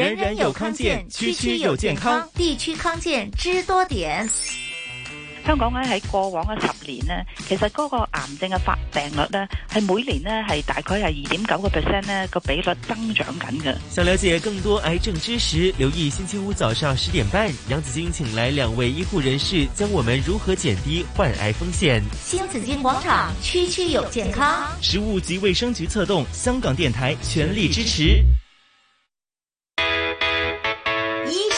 人人有康健，區區有健康，區區健康地區康健知多點。香港咧，喺過往嘅十年咧，其實嗰個癌症嘅發病率咧，係每年咧係大概係二點九個 percent 咧個比率增長緊嘅。想了解更多癌症知識，留意星期五早上十點半，楊子矜請來兩位醫護人士，教我們如何減低患癌風險。新紫荊廣場區區有健康，食物及衛生局策動，香港電台全力支持。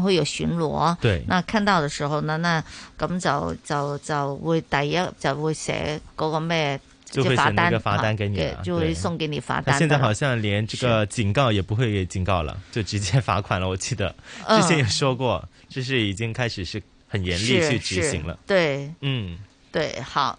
會有巡邏，對。那看到的時候呢，那咁就就就會第一就會寫嗰個咩，就會寫嗰個罰單，罰單給你對，就會送給你罰單。現在好像連這個警告也不會給警告了，就直接罰款了。我記得之前也說過，就、嗯、是已經開始是很嚴厲去執行了。對，嗯，對，好。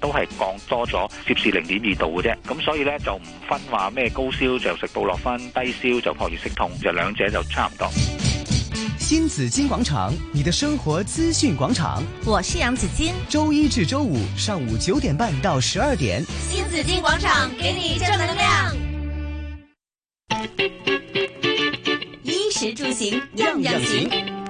都係降多咗，攝氏零點二度嘅啫。咁所以咧就唔分話咩，高燒就食布洛芬，低燒就撲熱息痛，就兩者就差唔多。新紫荊廣場，你的生活資訊廣場，我是楊子矜。周一至周五上午九點半到十二點，新紫荊廣場給你正能量。衣食住行樣樣行。樣樣行。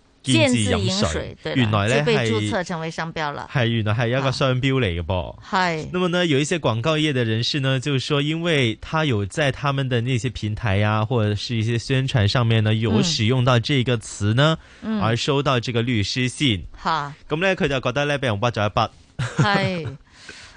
見字飲水，飲水對了，原來咧係係原來係一個商標嚟嘅噃。係、啊，那麼呢，有一些廣告業的人士呢，就說，因為他有在他們的那些平台呀、啊，或者是一些宣傳上面呢，有使用到這個詞呢，嗯、而收到這個律師信。吓、嗯，咁咧佢就覺得咧俾人挖咗一筆。係、嗯。嗯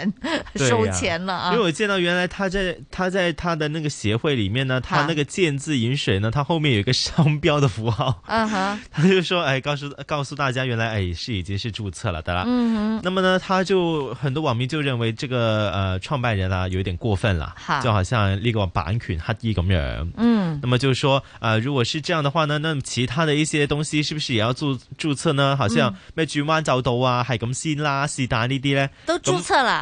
收錢了啊，對啊！因為我見到原來他在他在他的那個協會裏面呢，啊、他那個“見字飲水”呢，他後面有一個商標的符號、啊、 他就說：“哎，告訴告訴大家，原來哎是已經是註冊了的啦。了”嗯，嗯，那麼呢，他就很多網民就認為這個呃創辦人啊有一點過分了，啊、就好像那個版權黑衣咁樣，嗯，那麼就是說啊、呃，如果是這樣的話呢，那其他的一些東西是不是也要注註冊呢？好像，像咩轉彎早抖啊，係咁先啦，是但呢啲咧都註冊了。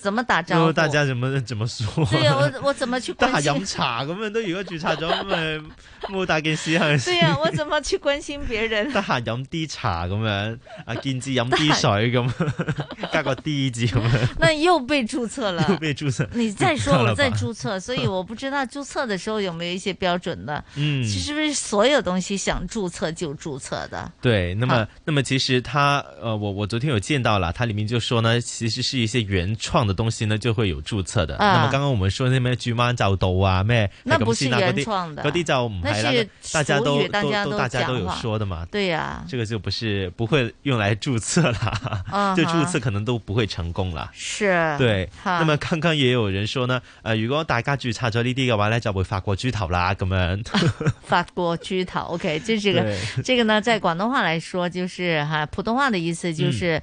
怎麼打招呼？哦，大家怎麼怎麼說？對呀，我我怎麼去關心？ 得閒飲茶，咁樣都如果注冊咗，咁咪冇大件事係。對呀，我怎麼去關心別人？得閒飲啲茶，咁樣啊，見字飲啲水，咁加 個啲字咁樣。那又被注冊了，又被注冊。你再說 我再注冊， 所以我不知道注冊的時候有沒有一些標準的。嗯，其實不是所有東西想注冊就注冊的？對，那麼那麼其實他呃，我我昨天有見到了，他裏面就說呢，其實是一些原創。的東西呢，就會有註冊的。啊、那麼剛剛我們說那咩“豬滿就到”啊，咩，那不是原創的，嗰啲就那是大家都都，都大家都有說的嘛。對、啊、呀，這個就不是不會用來註冊了，啊、 就註冊可能都不會成功了。是，對、啊。那麼剛剛也有人說呢，呃，如果大家註冊咗呢啲嘅話呢，就會發過豬頭啦，咁樣發過豬頭。OK，就這個這個呢，在廣東話來說就是哈、啊，普通話的意思就是。嗯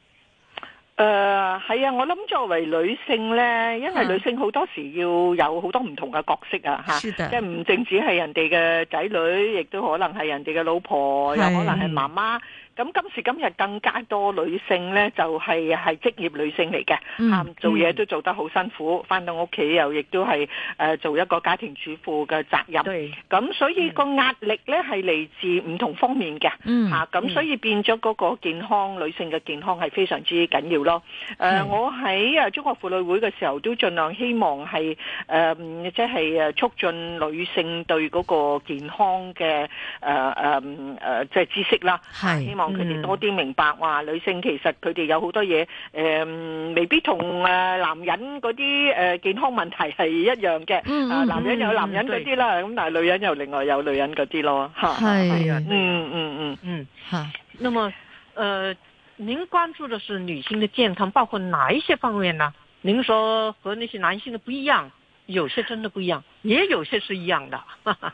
誒、呃，係啊！我諗作為女性咧，因為女性好多時要有好多唔同嘅角色啊，吓、啊，即係唔淨止係人哋嘅仔女，亦都可能係人哋嘅老婆，又可能係媽媽。咁今時今日更加多女性咧，就係係職業女性嚟嘅，做嘢都做得好辛苦，翻到屋企又亦都係誒做一個家庭主婦嘅責任。咁所以個壓力咧係嚟自唔同方面嘅嚇，咁所以變咗嗰個健康女性嘅健康係非常之緊要咯。誒，我喺誒中國婦女會嘅時候都盡量希望係誒，即係誒促進女性對嗰個健康嘅誒誒誒，即係知識啦，係希望。望佢哋多啲明白，話女性其實佢哋有好多嘢？誒、呃，未必同誒男人嗰啲誒健康問題係一樣嘅。嗯嗯嗯呃。男人有男人嗰啲啦，咁但係女人又另外有女人嗰啲咯。吓，係，嗯嗯嗯嗯，吓、嗯嗯。那麼，誒、呃，您關注的是女性的健康，包括哪一些方面呢？您說和那些男性的不一樣，有些真的不一樣，也有些是一樣的。哈哈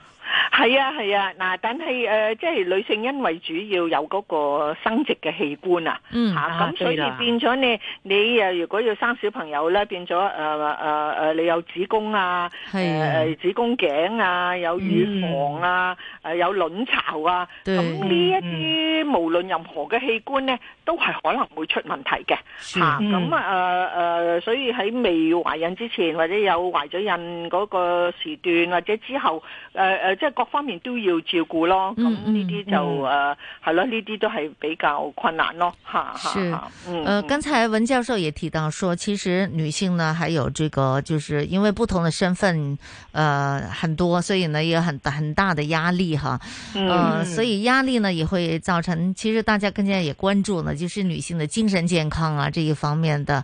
係啊係啊，嗱，但係誒，即係女性因為主要有嗰個生殖嘅器官啊，吓咁，所以變咗你你啊，如果要生小朋友咧，變咗誒誒誒，你有子宮啊，係誒子宮頸啊，有乳房啊，誒有卵巢啊，咁呢一啲無論任何嘅器官咧，都係可能會出問題嘅，吓咁啊誒誒，所以喺未懷孕之前，或者有懷咗孕嗰個時段，或者之後誒誒。即係各方面都要照顧咯，咁呢啲就誒係咯，呢、嗯、啲、嗯嗯啊、都係比較困難咯，吓吓、呃、嗯，剛才文教授也提到說，其實女性呢，還有這個就是因為不同的身份，呃很多，所以呢，也很大很大的壓力哈、啊。嗯，呃、所以壓力呢，也會造成，其實大家更加也關注呢，就是女性的精神健康啊這一方面的。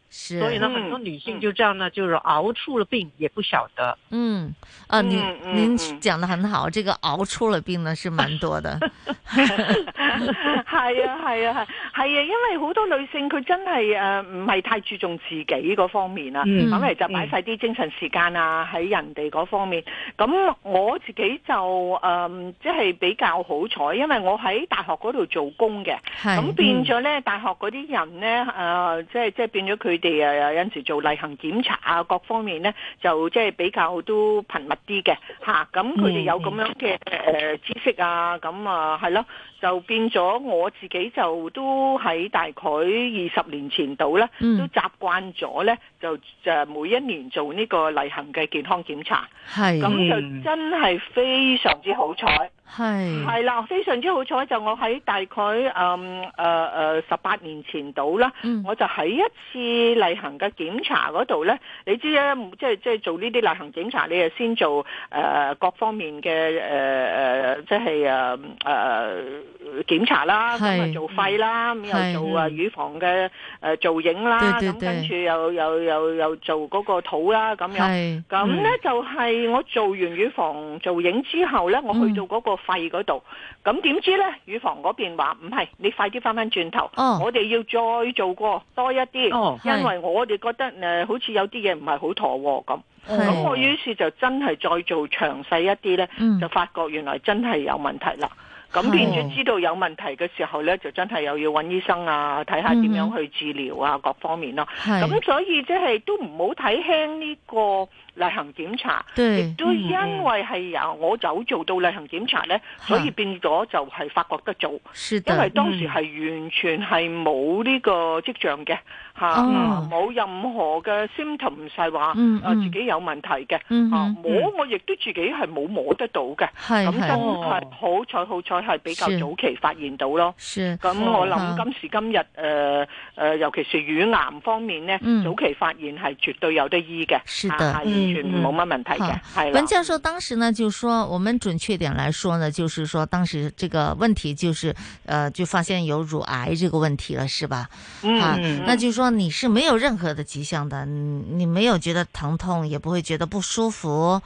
所以呢，很多女性就這樣呢，嗯、就是熬出了病，也不曉得。嗯，啊，您、嗯、您講得很好、嗯，這個熬出了病呢，是蠻多的。係 啊，係啊，係，係啊，因為好多女性佢真係誒唔係太注重自己嗰方面啊，咁、嗯、嚟就擺晒啲精神時間啊喺、嗯、人哋嗰方面。咁我自己就誒，即、呃、係、就是、比較好彩，因為我喺大學嗰度做工嘅，咁變咗咧、嗯，大學嗰啲人咧，誒、呃，即係即係變咗佢。哋啊，有有有陣時做例行檢查啊，各方面咧就即係比較都頻密啲嘅嚇。咁佢哋有咁樣嘅誒知識啊，咁啊係咯，就變咗我自己就都喺大概二十年前度咧，都習慣咗咧，就就每一年做呢個例行嘅健康檢查。係咁就真係非常之好彩。係係啦，非常之好彩就我喺大概誒誒誒十八年前度啦、嗯，我就喺一次例行嘅檢查嗰度咧。你知咧，即係即係做呢啲例行檢查，你啊先做誒、呃、各方面嘅誒誒，即係誒誒檢查啦，咁啊、就係、做肺啦，咁又做啊乳房嘅誒、呃、造影啦，咁跟住又又又又做嗰個肚啦，咁樣。咁咧、嗯、就係我做完乳房造影之後咧、嗯，我去到嗰、嗰個。肺嗰度，咁點知呢？乳房嗰邊話唔係，你快啲翻翻轉頭，哦、我哋要再做過多一啲、哦，因為我哋覺得誒、呃，好似有啲嘢唔係好妥咁，咁我於是就真係再做詳細一啲呢，就發覺原來真係有問題啦。嗯咁變咗知道有問題嘅時候咧，就真係又要揾醫生啊，睇下點樣去治療啊，各方面咯。咁所以即係都唔好睇輕呢個例行檢查。亦都因為係有我有做到例行檢查咧，所以變咗就係發覺得早。是的。因為當時係完全係冇呢個跡象嘅嚇，冇任何嘅 symptom，唔係話啊自己有問題嘅嚇，摸我亦都自己係冇摸得到嘅。係係。咁真係好彩好彩。係比較早期發現到咯，是，咁我諗今時今日，誒、嗯、誒、呃，尤其是乳癌方面呢、嗯、早期發現係絕對有得醫嘅，係完、啊嗯、全冇乜問題嘅。係、嗯、文教授當時呢，就說，我們準確點來說呢，就是說當時這個問題就是，呃就發現有乳癌這個問題了，是吧、嗯？啊，那就說你是沒有任何的跡象的，你你沒有覺得疼痛，也不會覺得不舒服。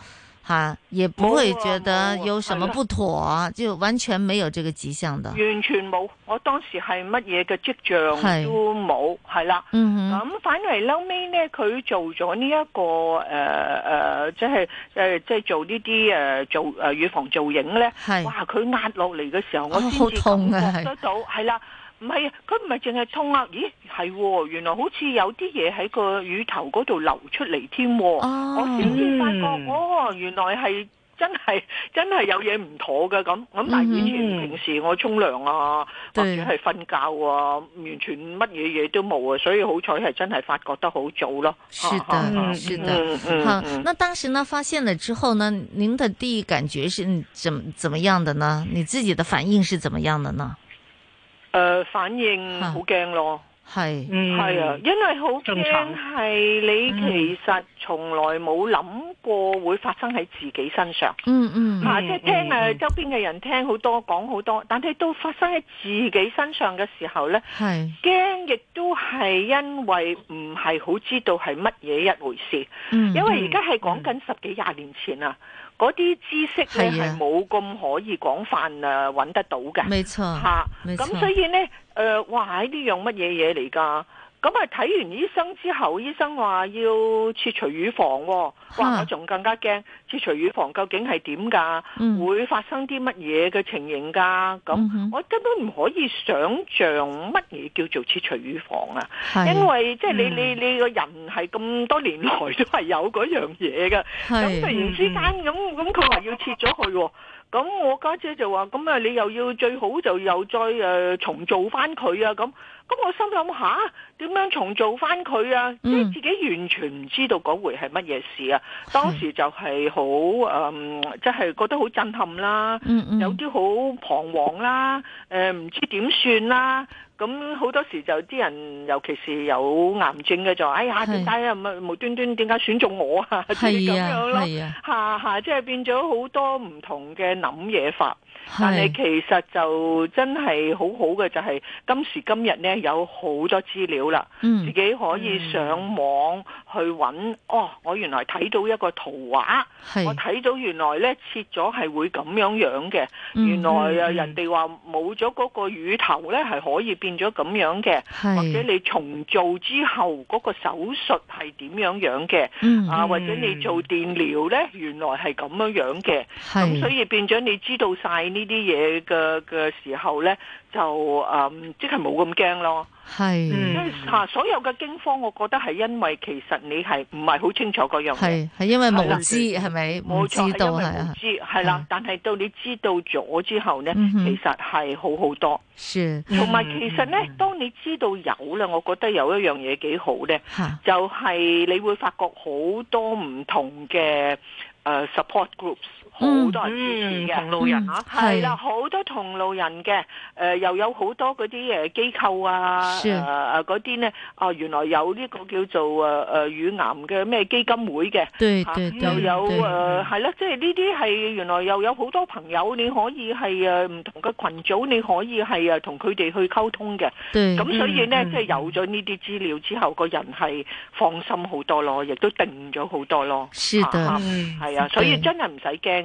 吓、啊，也不會覺得有什麼不妥，啊啊，就完全沒有這個跡象的，完全冇。我當時係乜嘢嘅跡象都冇，係啦。咁、嗯、反為後尾咧，佢做咗呢一個誒誒，即係誒即係做呢啲誒做誒乳房造影咧，哇！佢壓落嚟嘅時候，我先至感覺到，係、哦啊、啦。唔係，佢唔係淨係痛啊！咦，係、哦，原來好似有啲嘢喺個乳頭嗰度流出嚟添、哦。我先至發覺、嗯，哦，原來係真係真係有嘢唔妥嘅。咁咁，但係以前平時我沖涼啊，或者係瞓覺啊，完全乜嘢嘢都冇啊，所以好彩係真係發覺得好早咯。是的，哈哈是的、嗯嗯嗯。好，那當時呢，發現了之後呢，您的第一感覺是怎怎麼樣的呢？你自己的反應是怎麼樣的呢？誒、呃、反應好驚咯，係，係、嗯、啊，因為好驚係你其實從來冇諗過會發生喺自己身上，嗯嗯，嚇、啊，即係聽誒周邊嘅人聽好多講好多，但係都發生喺自己身上嘅時候咧，係驚亦都係因為唔係好知道係乜嘢一回事，嗯、因為而家係講緊十幾廿年前啊。嗰啲知識咧係冇咁可以廣泛啊揾得到嘅，冇錯，嚇，咁所以咧，誒，哇，呢樣乜嘢嘢嚟㗎？咁啊！睇完醫生之後，醫生話要切除乳房。哦，哇！啊、我仲更加驚，切除乳房究竟係點㗎？會發生啲乜嘢嘅情形㗎？咁、嗯、我根本唔可以想像乜嘢叫做切除乳房啊！因為即係、就是、你、嗯、你你個人係咁多年來都係有嗰樣嘢㗎。咁突然之間咁咁佢話要切咗佢，咁我家姐，姐就話：咁啊，你又要最好就又再、呃、重做返佢啊咁。咁我心諗吓，點樣重做翻佢啊？即、嗯、係自己完全唔知道嗰回係乜嘢事啊！當時就係好誒，即係、嗯就是、覺得好震撼啦，嗯嗯、有啲好彷徨啦，誒、呃、唔知點算啦。咁好多時就啲人，尤其是有癌症嘅就，哎呀點解啊？冇無端端點解選中我啊？係咁、啊、樣咯，吓吓即係變咗好多唔同嘅諗嘢法。但係其實就真係好好嘅，就係、是、今時今日咧有好多資料啦、嗯，自己可以上網去揾、嗯。哦，我原來睇到一個圖畫，我睇到原來咧切咗係會咁樣樣嘅、嗯。原來啊人哋話冇咗嗰個乳頭咧係可以變咗咁樣嘅，或者你重做之後嗰、嗰個手術係點樣樣嘅、嗯？啊、嗯，或者你做電療咧，原來係咁樣樣嘅。咁所以變咗你知道晒。呢啲嘢嘅嘅時候呢，就誒、嗯、即係冇咁驚咯。係，所有嘅驚慌，我覺得係因為其實你係唔係好清楚嗰樣嘢，係因為冇知係咪？冇錯知道，因為冇知係啦。但係到你知道咗之後呢，其實係好好多。同埋其實呢，當你知道有啦，我覺得有一樣嘢幾好呢，就係、是、你會發覺好多唔同嘅 support groups。好多人支持嘅同路人嚇，係啦，好多同路人嘅，誒又有好多嗰啲誒機構啊，誒誒嗰啲咧，哦原來有呢個叫做誒誒乳癌嘅咩基金會嘅，對對對，又有誒係啦，即係呢啲係原來又有好多朋友，你可以係誒唔同嘅羣組，你可以係誒同佢哋去溝通嘅，咁所以咧即係有咗呢啲資料之後，個人係放心好多咯，亦都定咗好多咯，係啊，所以真係唔使驚。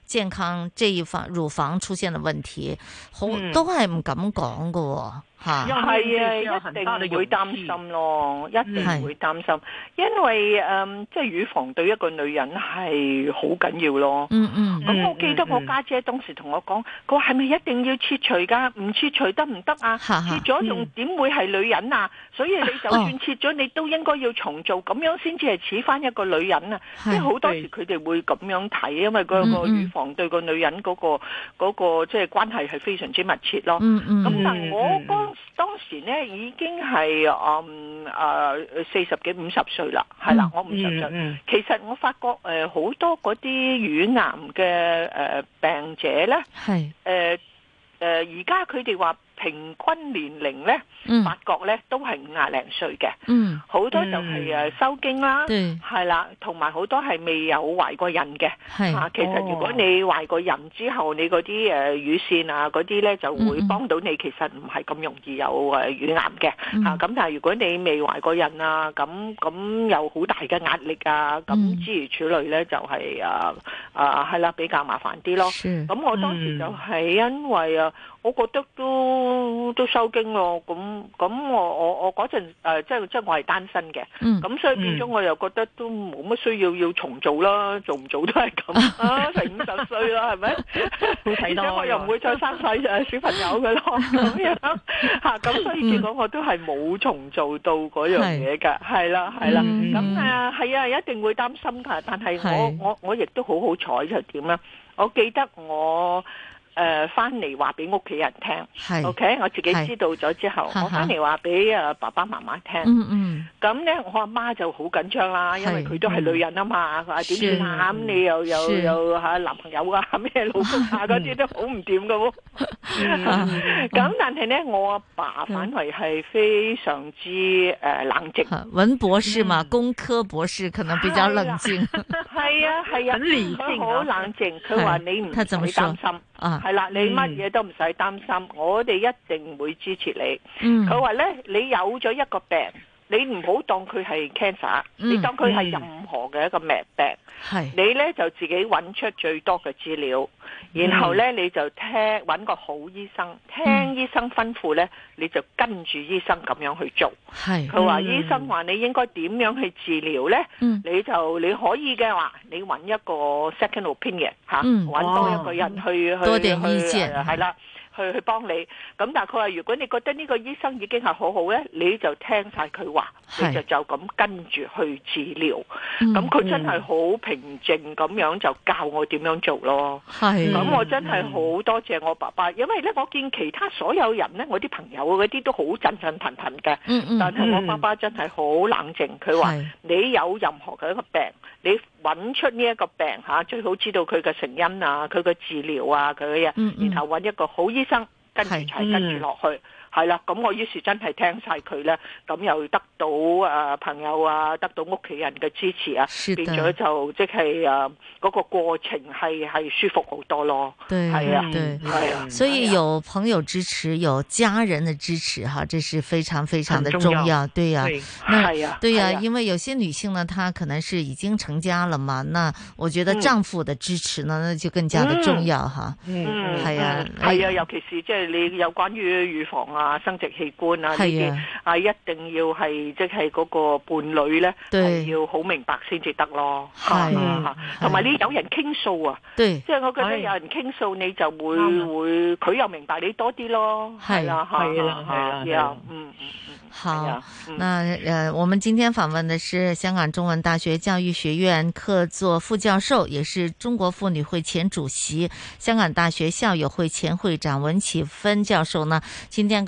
健康這一方乳房出現嘅問題，好、嗯、都係唔敢講嘅喎，嚇、嗯。係啊，一定會擔心咯，嗯、一定會擔心，因為誒，即、嗯、係、就是、乳房對一個女人係好緊要咯。嗯嗯。咁、嗯嗯、我記得我家姐，姐當時同我講，佢話係咪一定要切除㗎，唔切除得唔得啊？哈哈切咗仲點會係女人啊、嗯？所以你就算切咗、啊，你都應該要重做，咁、哦、樣先至係似翻一個女人啊！即係好多時佢哋會咁樣睇，因為嗰個乳房、嗯。嗯對個女人嗰、那個、那個即係關係係非常之密切咯。咁、嗯嗯、但我當、嗯嗯、當時呢已經係、嗯呃、四十幾五十歲啦，係、嗯、啦，我五十歲。嗯嗯、其實我發覺誒好、呃、多嗰啲乳癌嘅誒病者呢，係誒誒而家佢哋話。呃呃平均年齡咧，發覺咧都係五廿零歲嘅，好、嗯、多就係誒收經、嗯、對啦，係啦，同埋好多係未有懷過孕嘅。嚇、啊，其實如果你懷過孕之後，你嗰啲誒乳腺啊嗰啲咧就會幫到你，嗯、其實唔係咁容易有誒乳癌嘅。嚇、嗯，咁、啊、但係如果你未懷過孕啊，咁咁有好大嘅壓力啊，咁諸如此類咧就係誒誒係啦，比較麻煩啲咯。咁我當時就係因為、嗯、啊。我覺得都都收經咯，咁咁我我我嗰陣、呃、即係即係我係單身嘅，咁、嗯、所以變咗我又覺得都冇乜需要要重做啦，做唔做都係咁 啊，成五十歲啦，係 咪是吧？而 且 我又唔會再生晒小朋友嘅咯，咁 樣吓咁、啊、所以結果我都係冇重做到嗰樣嘢㗎，係啦係啦，咁、嗯、啊係啊，一定會擔心㗎，但係我我我亦都好好彩就係點咧？我記得我。誒，翻嚟話俾屋企人聽，OK，我自己知道咗之後，我翻嚟話俾阿爸爸媽媽聽，咁咧我阿媽就好緊張啦，因為佢都係女人啊嘛，佢話點點啊，咁你又有有吓男朋友啊，咩老公啊嗰啲都好唔掂噶，咁但係咧我阿爸反為係非常之誒冷靜。文博士嘛，工科博士可能比較冷靜。係啊係啊，佢好冷靜，佢話你唔會擔心。係、啊、啦，你乜嘢都唔使擔心，嗯、我哋一定會支持你。佢話咧，你有咗一個病。你唔好當佢係 cancer，你當佢係任何嘅一個咩病，嗯、你咧就自己揾出最多嘅資料，然後咧你就聽揾個好醫生，聽醫生吩咐咧、嗯、你就跟住醫生咁樣去做。係、佢、嗯、話醫生話你應該點樣去治療咧、嗯，你就你可以嘅話，你揾一個 second opinion 嚇、啊，揾、嗯、多一個人去、哦、去多醫生係啦。去去幫你，咁但係佢話：如果你覺得呢個醫生已經係好好咧，你就聽晒佢話，你就就咁跟住去治療。咁、嗯、佢真係好平靜咁樣就教我點樣做咯。係，咁我真係好多謝我爸爸，因為咧我見其他所有人咧，我啲朋友嗰啲都好震震騰騰嘅，但係我爸爸真係好冷靜。佢、嗯、話你有任何嘅一個病。你揾出呢一個病吓，最好知道佢嘅成因啊，佢嘅治療啊，佢嘅嘢，然後揾一個好醫生，跟住才跟住落去。係啦，咁我於是真係聽晒佢咧，咁又得到誒、呃、朋友啊，得到屋企人嘅支持啊，變咗就即係誒個過程係係舒服好多咯。對，係啊，對，係啊，所以有朋友支持，啊、有家人的支持吓，這是非常非常的重要。啊對啊，係啊，對,啊,啊,對,啊,啊,對啊,啊,啊,啊，因為有些女性呢，她可能是已經成家了嘛，那我覺得丈夫的支持呢，嗯、那就更加的重要哈。嗯，係啊，係、嗯、啊,啊,啊,啊,啊,啊，尤其是即係你有關於預防啊。啊，生殖器官啊，係啊，呢啲啊，一定要係即係嗰個伴侶咧，對，要好明白先至得咯。係，啊，同埋呢有人傾訴啊，對，即、就、係、是、我覺得有人傾訴，你就會會佢、啊、又明白你多啲咯。係啦、啊，係啦、啊，係啦、啊啊啊啊，嗯嗯嗯，好，嗯、那誒，uh, 我們今天訪問的是香港中文大學教育學院客座副教授，也是中國婦女會前主席、香港大學校友會前會長文綺芳教授呢，今天。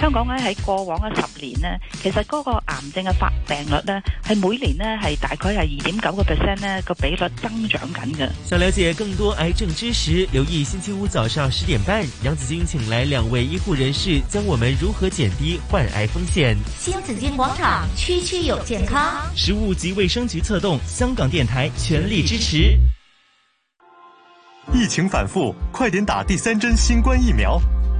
香港咧喺過往嘅十年咧，其實嗰個癌症嘅發病率咧，係每年咧係大概係二點九個 percent 咧個比率增長緊嘅。想了解更多癌症知識，留意星期五早上十點半，楊子矜請來兩位醫護人士，教我們如何減低患癌風險。新紫荊廣場區區有健康，食物及衛生局策動，香港電台全力支持。疫情反覆，快點打第三針新冠疫苗。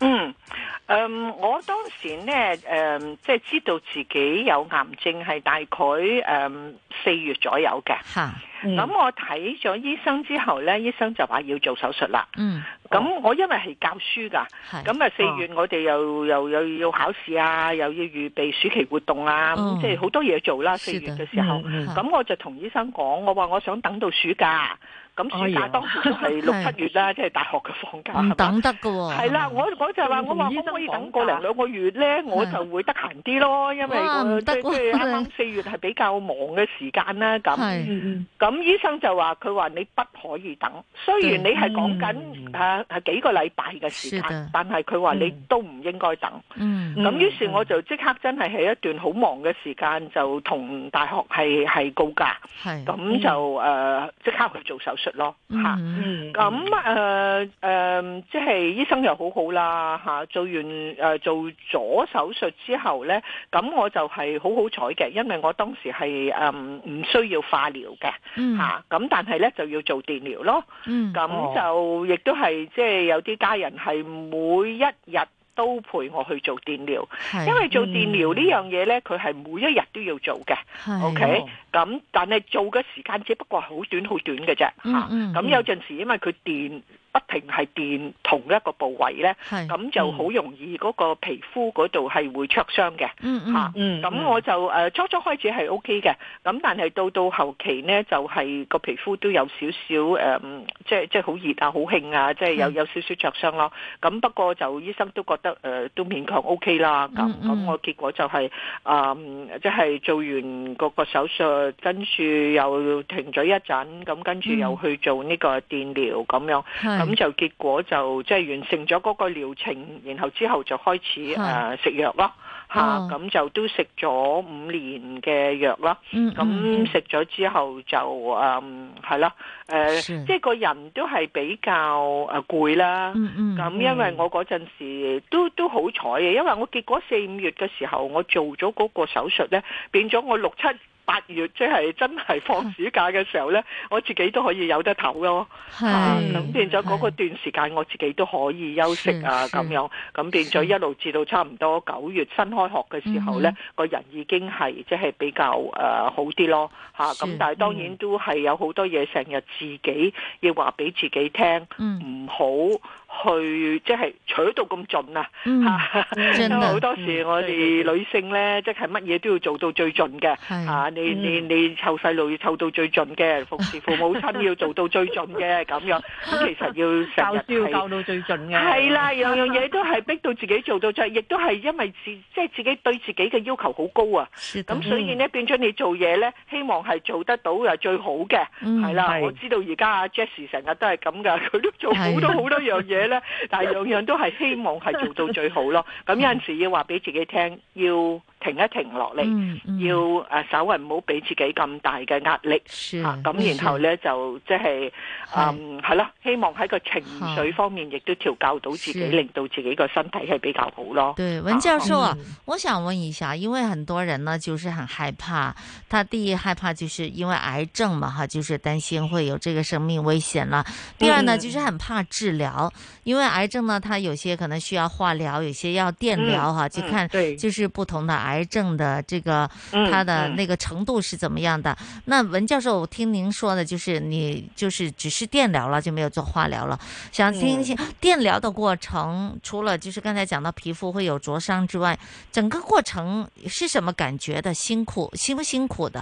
嗯，誒、嗯，我當時咧，誒、嗯，即係知道自己有癌症，係大概誒四、嗯、月左右嘅。吓，咁、嗯、我睇咗醫生之後咧，醫生就話要做手術啦。嗯，咁我因為係教書噶，咁啊四月我哋又、哦、又又，又要考試啊，又要預備暑期活動啊，嗯、即係好多嘢做啦。四月嘅時候，咁、嗯、我就同醫生講，我話我想等到暑假。咁暑假當時都係六七月啦，即係大學嘅放假。唔等得嘅喎。係啦，我我就係話，我話可唔可以等個零兩個月咧？我就會得閒啲咯，因為即係啱啱四月係比較忙嘅時間啦。咁咁，醫生就話佢話你不可以等。雖然你係講緊係係幾個禮拜嘅時間，但係佢話你都唔應該等。嗯。咁於是我就即刻真係喺一段好忙嘅時間就同大學係係告假。係。咁就誒即刻去做手術。出咯吓，咁，誒誒，即係醫生又好好啦吓，做完誒做咗手術之後咧，咁我就係好好彩嘅，因為我當時係誒唔需要化療嘅吓，咁但係咧就要做電療咯，嗯，咁就亦都係即係有啲家人係每一日，都陪我去做電療，嗯，因為做電療呢樣嘢咧，佢係每一日都要做嘅，哦，OK，咁但係做嘅時間只不過係好短好短嘅啫，吓，嗯，咁，嗯嗯啊，有陣時因為佢電。不停係電同一個部位咧，咁、嗯、就好容易嗰個皮膚嗰度係會灼傷嘅。嗯嗯。咁、嗯啊嗯嗯、我就誒、呃、初初開始係 O K 嘅，咁但係到到後期咧就係、是、個皮膚都有少少即係即係好熱啊、好㷫啊，即、就、係、是、有有少少灼傷咯。咁不過就醫生都覺得誒、呃、都勉強 O、OK、K 啦。咁咁、嗯嗯、我結果就係、是、啊，即、呃、係、就是、做完個個手術，跟住又停咗一陣，咁跟住又去做呢個電療咁樣。咁就結果就即係完成咗嗰個療程，然後之後就開始誒食藥咯，嚇，咁就都食咗五年嘅藥啦，咁食咗之後就誒係咯，誒即係個人都係比較誒攰啦，咁因為我嗰陣時都都好彩嘅，因為我結果四五月嘅時候我做咗嗰個手術咧，變咗我六七。八月即係、就是、真係放暑假嘅時候呢，我自己都可以有得唞咯。咁、啊、變咗嗰個段時間，我自己都可以休息啊，咁樣咁變咗一路至到差唔多九月新開學嘅時候呢，個人已經係即係比較誒、呃、好啲咯。吓咁、啊，但係當然都係有好多嘢成日自己要話俾自己聽，唔好。嗯去即係扯到咁盡啊！因為好多時我哋女性咧，即係乜嘢都要做到最盡嘅。嚇你你你湊細路要湊到最盡嘅，服侍父母親要做到最盡嘅咁樣。咁其實要成日係教到最盡嘅。係啦，樣樣嘢都係逼到自己做到盡，亦都係因為自即係自己對自己嘅要求好高啊。咁所以咧變咗你做嘢咧，希望係做得到又最好嘅。係啦，我知道而家阿 Jess 成日都係咁噶，佢都做好多好多樣嘢。 但係，樣樣都係希望係做到最好咯。咁有陣時要話俾自己聽，要。停一停落嚟、嗯嗯，要誒稍微唔好俾自己咁大嘅壓力，咁、啊、然後咧就即、就、係、是、嗯係咯，希望喺個情緒方面亦都調教到自己，令到自己個身體係比較好咯。對，文教授啊、嗯，我想問一下，因為很多人呢，就是很害怕，他第一害怕就是因為癌症嘛，哈，就是擔心會有這個生命危險啦。第二呢，就是很怕治療、嗯，因為癌症呢，它有些可能需要化療，有些要電療，哈、嗯啊，就看，對，就是不同的癌症。嗯嗯癌症的這個，它的那個程度是怎麼樣的？嗯嗯、那文教授，我聽您說的，就是你就是只是電療了，就沒有做化療了。想聽一下電療的過程、嗯，除了就是剛才講到皮膚會有灼傷之外，整個過程是什麼感覺的？辛苦辛不辛苦的？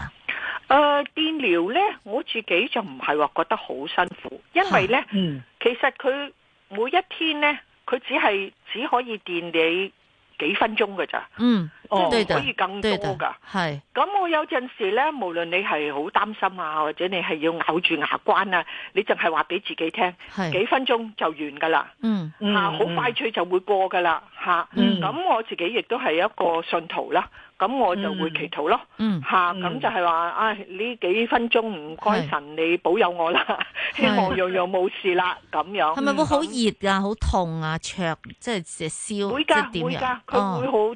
呃，電療呢，我自己就唔係話覺得好辛苦，因為呢，啊、嗯，其實佢每一天呢，佢只係只可以電你幾分鐘嘅咋，嗯。哦，可以更多噶，係。咁我有陣時咧，無論你係好擔心啊，或者你係要咬住牙關啊，你淨係話俾自己聽，幾分鐘就完噶啦，嗯，吓好快脆就會過噶啦，吓。咁我自己亦都係一個信徒啦，咁我就會祈禱咯，吓，咁就係話，唉，呢幾分鐘唔該神你保佑我啦，希望樣樣冇事啦，咁樣。係咪會好熱噶？好痛啊？灼，即係燒，即係點噶？哦。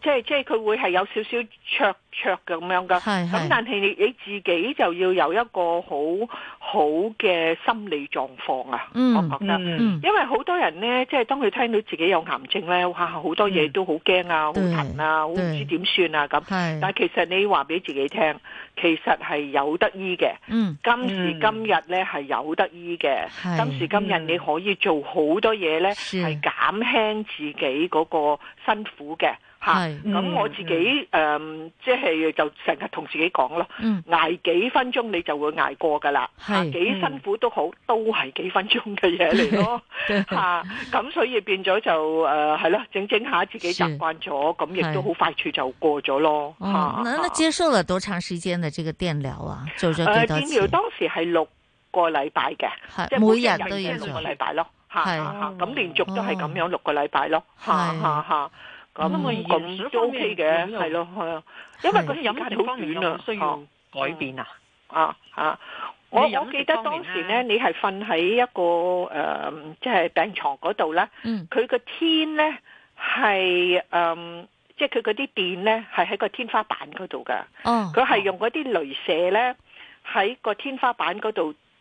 係有少少灼灼嘅咁樣噶，咁但係你你自己就要有一個好好嘅心理狀況啊，我覺得，嗯嗯、因為好多人呢，即係當佢聽到自己有癌症呢，哇，好多嘢都好驚啊，好疼啊，好唔知點算啊咁。但係其實你話俾自己聽，其實係有得醫嘅、嗯，今時今日呢，係有得醫嘅、嗯，今時今日你可以做好多嘢呢，係減輕自己嗰個辛苦嘅。係咁、 啊、我自己誒，即、嗯、係、呃、就成日同自己講咯、嗯，挨幾分鐘你就會挨過噶啦，幾、啊、辛苦都好，都係幾分鐘嘅嘢嚟咯。吓 咁、啊、所以變咗就誒係咯，整整下自己習慣咗，咁亦都好快處就過咗咯。吓，那、啊、那接受咗多長時間嘅呢個電療啊？做咗幾多？誒、啊，電療當時係六個禮拜嘅，即係每日都六個禮拜咯。係，咁、啊哦啊、連續都係咁樣六個禮拜咯。係、哦，係、啊，係。啊咁咁都 OK 嘅，係咯，係、嗯、啊、嗯，因為佢飲飲好遠啊，哦，嗯、需要改變啊，啊啊，嗯、我我記得當時咧，你係瞓喺一個誒即係病床嗰度咧，佢個天咧係誒即係佢嗰啲電咧係喺個天花板嗰度嘅，佢係用嗰啲鐳射咧喺個天花板嗰度。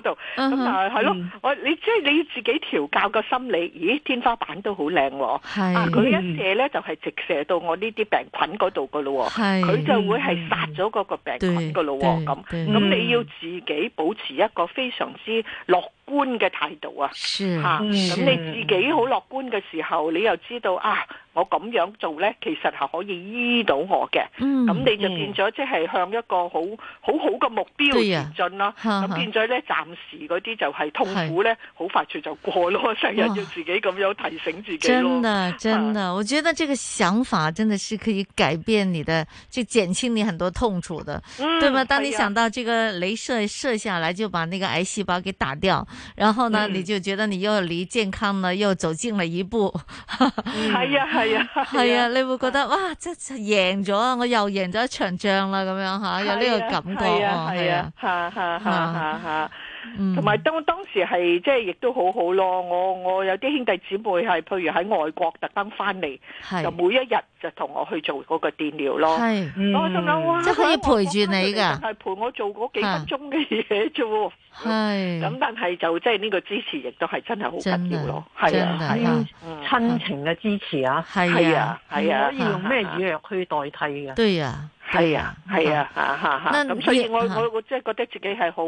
度咁但係係咯，我你即係你自己調教個心理，咦天花板都好靚，啊，啊佢一射咧就係、是、直射到我呢啲病菌嗰度噶咯，佢就會係殺咗嗰個病菌噶咯，咁咁、嗯、你要自己保持一個非常之樂觀嘅態度啊，吓咁、啊、你自己好樂觀嘅時候，你又知道啊，我咁樣做咧，其實係可以醫到我嘅，咁、嗯、你就變咗即係向一個好、嗯、好好好嘅目標前進啦、啊。咁、啊、變咗咧，暫時嗰啲就係痛苦咧，好快脆就過咯。成日要自己咁樣提醒自己咯。真的，真的、啊，我覺得這個想法真的是可以改變你的，就減輕你很多痛楚的，嗯、對嗎？當你想到這個鐳射射下來，就把那個癌細胞給打掉。然後呢、嗯，你就覺得你又離健康呢又走近了一步，係 呀係呀係呀，呀你會覺得哇，真係贏咗，我又贏咗一場仗啦，咁樣吓，有呢個感覺哦，係啊係啊，同埋當當時係即係亦都好好咯，我我有啲兄弟姊妹係譬如喺外國特登翻嚟，就每一日就同我去做嗰個電療咯。係，嗯、我心諗哇，即、就、係、是、可以陪住你噶，但係陪我做嗰幾分鐘嘅嘢啫。係，咁、嗯、但係就即係呢個支持亦都係真係好緊要咯。係啊，真的啊，親、啊嗯、情嘅支持啊，係、uh，啊，係啊，啊，啊，啊，啊，可以用咩藥去代替啊？對啊。係啊，係啊，嚇嚇嚇。咁所以我我我即係覺得自己係好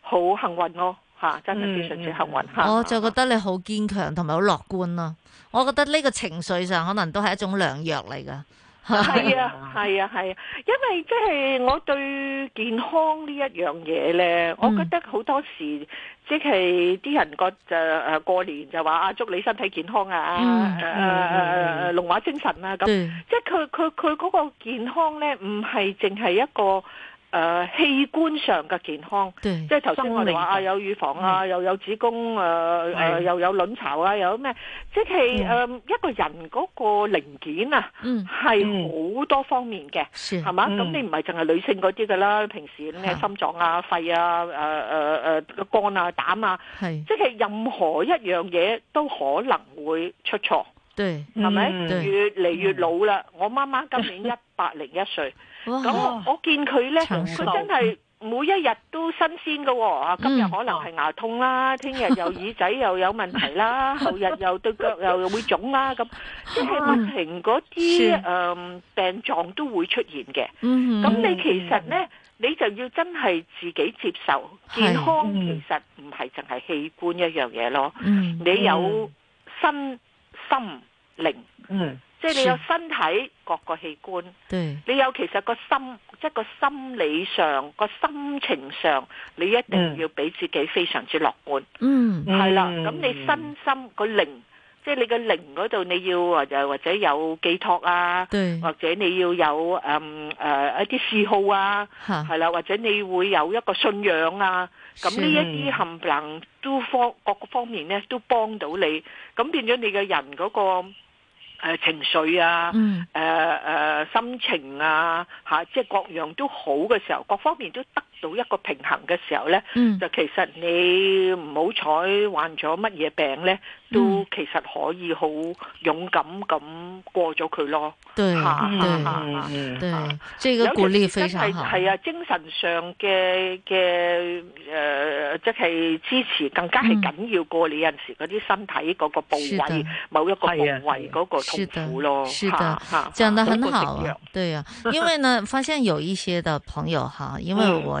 好幸運咯，哦，嚇，啊，真係非常之幸運嚇，嗯。我就覺得你好堅強同埋好樂觀咯，啊啊啊啊啊嗯，我覺得呢個情緒上可能都係一種良藥嚟㗎。係啊，係啊，係啊，因為即係我對健康呢一樣嘢咧，我覺得好多時候。即係啲人覺就誒，過年就話啊，祝你身體健康啊誒誒誒龍馬精神啊。咁，即係佢佢佢嗰個健康咧，唔係淨係一個。誒、呃，器官上嘅健康，即係頭先我哋話啊，有乳房啊、嗯，又有子宮誒誒，又有卵巢啊，又有咩？即係誒、嗯，一個人嗰個零件啊，係、嗯、好多方面嘅，係嘛？咁、嗯、你唔係淨係女性嗰啲噶啦，平時你係心臟啊、肺啊、誒誒誒肝啊、膽啊，係即係任何一樣嘢都可能會出錯，係咪？越嚟越老啦、嗯，我媽媽今年一百零一歲。咁、哦我，哦、我見佢呢，佢真係每一日都新鮮㗎啊！今日可能係牙痛啦，聽、嗯、日又耳仔又有問題啦， 後日又對腳又，又會腫啦、啊，咁即係不停嗰啲誒病狀都會出現嘅。咁、嗯、你其實呢，嗯、你就要真係自己接受健康，其實唔係淨係器官一樣嘢咯、嗯。你有身心靈。嗯即係你有身體各個器官，你有其實個心，即係個心理上個心情上，你一定要俾自己非常之樂觀，係、嗯、啦。咁、嗯嗯、你身心個靈、嗯，即係你個靈嗰度，你要或者或者有寄託啊對，或者你要有誒誒、嗯呃、一啲嗜好啊，係啦，或者你會有一個信仰啊。咁呢一啲冚唪唥都方各個方面咧，都幫到你。咁變咗你嘅人嗰、那個。誒、呃，情緒啊，誒、呃，誒、呃，心情啊，吓、啊，即係各樣都好嘅時候，各方面都得。到一個平衡嘅時候咧、嗯，就其實你唔好彩患咗乜嘢病咧、嗯，都其實可以好勇敢咁過咗佢咯。對，嗯對嗯對對嗯對，對，這個鼓勵非常好。係啊，精神上嘅嘅誒，即係、呃就是、支持更加係緊要過你有陣時嗰啲身體嗰個部位、嗯、某一個部位嗰個痛苦咯。是的，講、嗯、得很好、啊嗯。對啊、嗯，因為呢，發現有一些嘅朋友吓、嗯，因為我。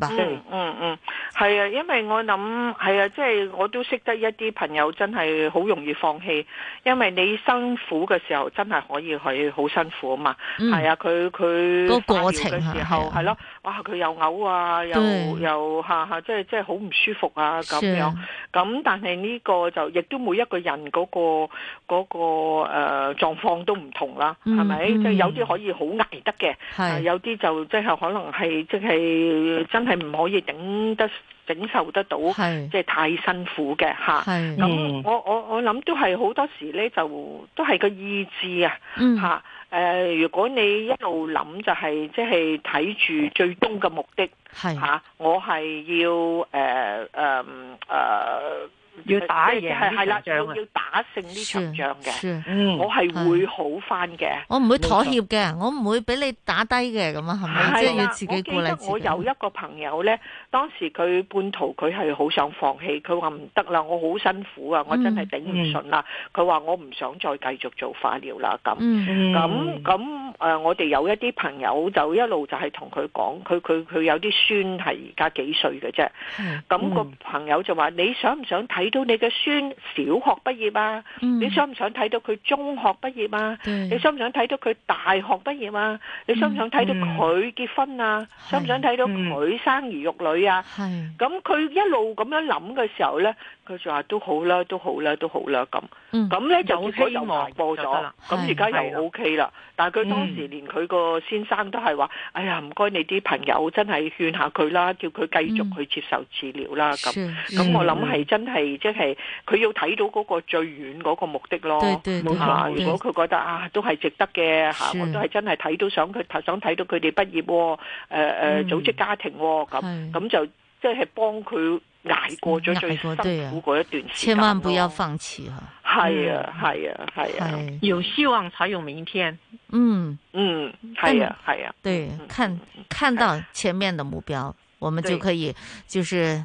嗯嗯係、嗯、啊，因為我諗係啊，即、就、係、是、我都識得一啲朋友，真係好容易放棄。因為你辛苦嘅時候，真係可以去好辛苦啊嘛。係、嗯、啊，佢佢個過程、啊、時候係咯、啊啊，哇，佢又嘔啊，又又下下，即係即係好唔舒服啊咁樣。咁但係呢個就亦都每一個人、嗰個、嗰個誒狀況都唔同啦，係、嗯、咪？即係、嗯就是、有啲可以好捱得嘅，有啲就即係、就是、可能係即係真係唔可以頂得、頂受得到，即係太辛苦嘅吓。咁、嗯、我我我諗都係好多時咧，就都係個意志、嗯、啊吓。誒、呃，如果你一路諗就係即係睇住最終嘅目的吓、啊，我係要誒誒誒。呃呃呃呃要打嘢係啦，仲要打勝呢場仗嘅，我係會好翻嘅，我唔會妥協嘅，我唔會俾你打低嘅，咁啊，係咪？係啊，我記得我有一個朋友咧，當時佢半途佢係好想放棄，佢話唔得啦，我好辛苦啊、嗯，我真係頂唔順啦，佢、嗯、話我唔想再繼續做化療啦，咁咁咁誒，我哋有一啲朋友就一路就係同佢講，佢佢佢有啲孫係而家幾歲嘅啫，咁、嗯、那個朋友就話你想唔想睇？睇到你嘅孫小學畢業啊？你想唔想睇到佢中學畢業啊？你想唔想睇到佢大學畢業啊？你想唔想睇到佢結婚啊？想唔想睇到佢生兒育女啊？咁佢一路咁樣諗嘅時候呢，佢就話都好啦，都好啦，都好啦咁。咁呢就結果就排播咗，咁而家又 OK 啦。但係佢當時連佢個先生都係話，哎呀，唔該你啲朋友真係勸下佢啦，叫佢繼續去接受治療啦。咁咁我諗係真係。即係佢要睇到嗰個最遠嗰個目的咯，吓、啊、如果佢覺得啊都係值得嘅吓、啊，我都係真係睇到想佢想睇到佢哋畢業誒、哦、誒、呃嗯，組織家庭咁、哦、咁就即係幫佢挨過咗最，最辛苦嗰一段時間、啊。千萬不要放棄啊！係啊係、嗯、啊係啊，啊！有希望才有明天。嗯嗯，係啊係啊，啊，啊，對，看看到前面的目標，嗯、我們就可以就是。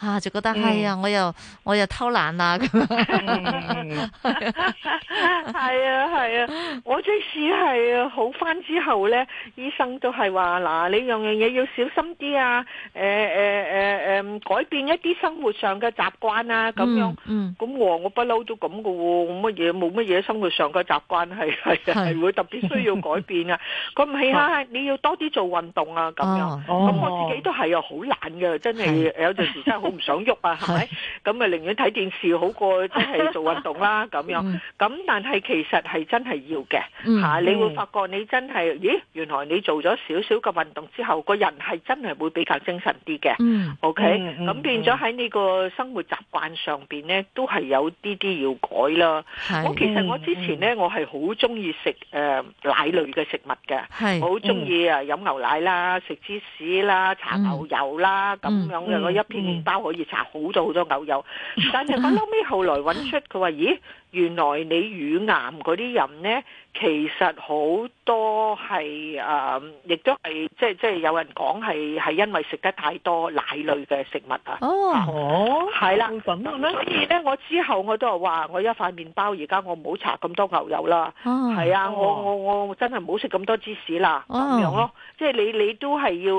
啊，就覺得係啊，我又我又偷懶啊咁樣，係啊係啊，我即使係好翻之後咧，醫生都係話嗱，你樣樣嘢要小心啲啊，誒誒誒誒，改變一啲生活上嘅習慣啊，咁樣，咁我我不嬲都咁噶喎，乜嘢，冇乜嘢生活上嘅習慣係係係會特別需要改變啊，咁唔係啊，你要多啲做運動啊咁樣，咁我自己都係啊好懶嘅，真係有陣時真係。唔想喐啊，係咪？咁啊，寧願睇電視好過真係做運動啦。咁 樣咁，但係其實係真係要嘅嚇、嗯啊。你會發覺你真係，咦？原來你做咗少少嘅運動之後，個人係真係會比較精神啲嘅、嗯。OK，咁、嗯嗯、變咗喺呢個生活習慣上面咧，都係有啲啲要改啦。我其實我之前咧、嗯，我係好中意食奶類嘅食物嘅，好中意啊飲牛奶啦，食芝士啦，搽牛油啦，咁、嗯、樣嘅、嗯、一片麵包、嗯。可以查好多好多牛油，但係翻到尾後來揾出，佢話咦。 原來你乳癌嗰啲人咧，其實好多係誒，亦、呃、都係即係即係有人講係係因為食得太多奶類嘅食物啊。哦，係、嗯哦、啦，所以咧，我之後我都話我一塊麵包，而家我唔好搽咁多牛油啦。哦，係啊，哦、我我我真係唔好食咁多芝士啦。咁、哦、樣、哦呃、小小咯，即係你你都係要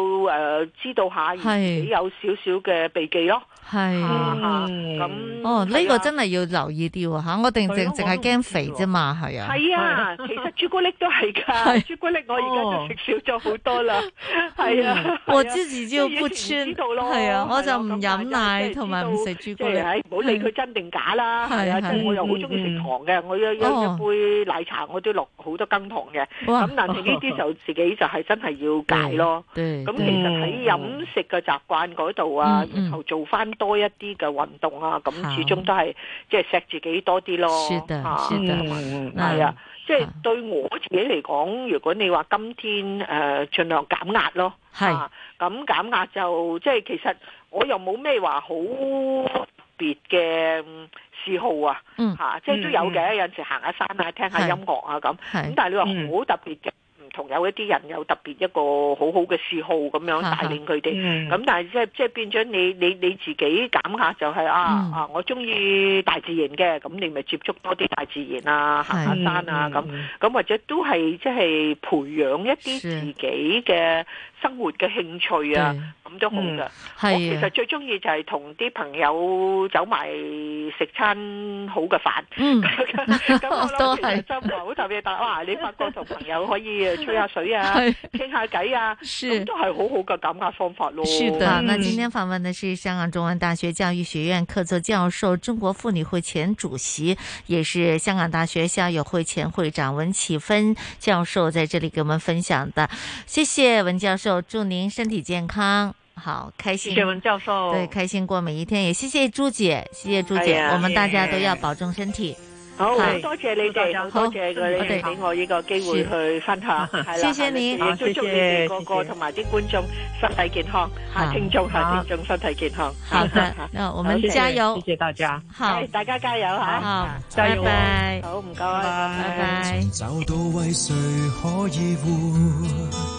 誒知道下，自己有少少嘅避忌咯。係、嗯，咁、嗯、哦呢、啊這個真係要留意啲喎、啊、我哋。淨淨係驚肥啫嘛，係啊，係啊，其實朱古力都係噶，朱古力我而家就食少咗好多啦，係啊，我知自己要補充，係啊，我就唔飲奶同埋食朱古力，唔好理佢真定假啦，係啊，我又好中意食糖嘅，我一一杯奶茶我都落好多羹糖嘅，咁但係呢啲就自己就係真係要戒咯，咁其實喺飲食嘅習慣嗰度啊，然後做翻多一啲嘅運動啊，咁始終都係即係錫自己多啲咯。是的，嗯，係啊，即係對我自己嚟講，如果你話今天誒，盡量減壓咯，係，咁減壓就即係其實我又冇咩話好特別嘅嗜好啊，吓，即係都有嘅，有陣時行下山啊，聽下音樂啊咁，咁但係你話好特別嘅。同有一啲人有特別一個好好嘅嗜好咁樣帶領佢哋。咁、嗯、但係即係即係變咗你你你自己減壓就係啊、嗯、啊我中意大自然嘅，咁你咪接觸多啲大自然啊，是是行下山啊咁，咁或者都係即係培養一啲自己嘅。生活嘅興趣啊，咁都好噶。係、嗯，其實最中意就係同啲朋友走埋食餐好嘅飯。嗯，咁 我諗其實真好特別。大係哇，你發覺同朋友可以吹下水啊，傾下偈啊，咁都係好好嘅減壓方法咯。是的。好，那今天訪問嘅是香港中文大學教育學院客座教授、中國婦女會前主席，也是香港大學校友會前會長文綺芳教授，在這裏給我們分享的。謝謝文教授。祝您身體健康，好開心。謝、謝文教授，對，開心過每一天，也謝謝珠姐，謝謝珠姐，哎，我們大家都要保重身體。哎，身體，哎啊，好，多謝你哋，多謝你哋俾，哦，我呢個機會去分享。啊，謝謝你，好，嗯，祝福你哋個個同埋啲觀眾身體健康，下，啊，聽眾，下，啊聽，啊聽，啊，聽眾身體健康。啊，好的，啊啊，那我們 okay, 加油，謝謝大家，好，大家加油哈，拜、油，好，唔該，拜拜。拜拜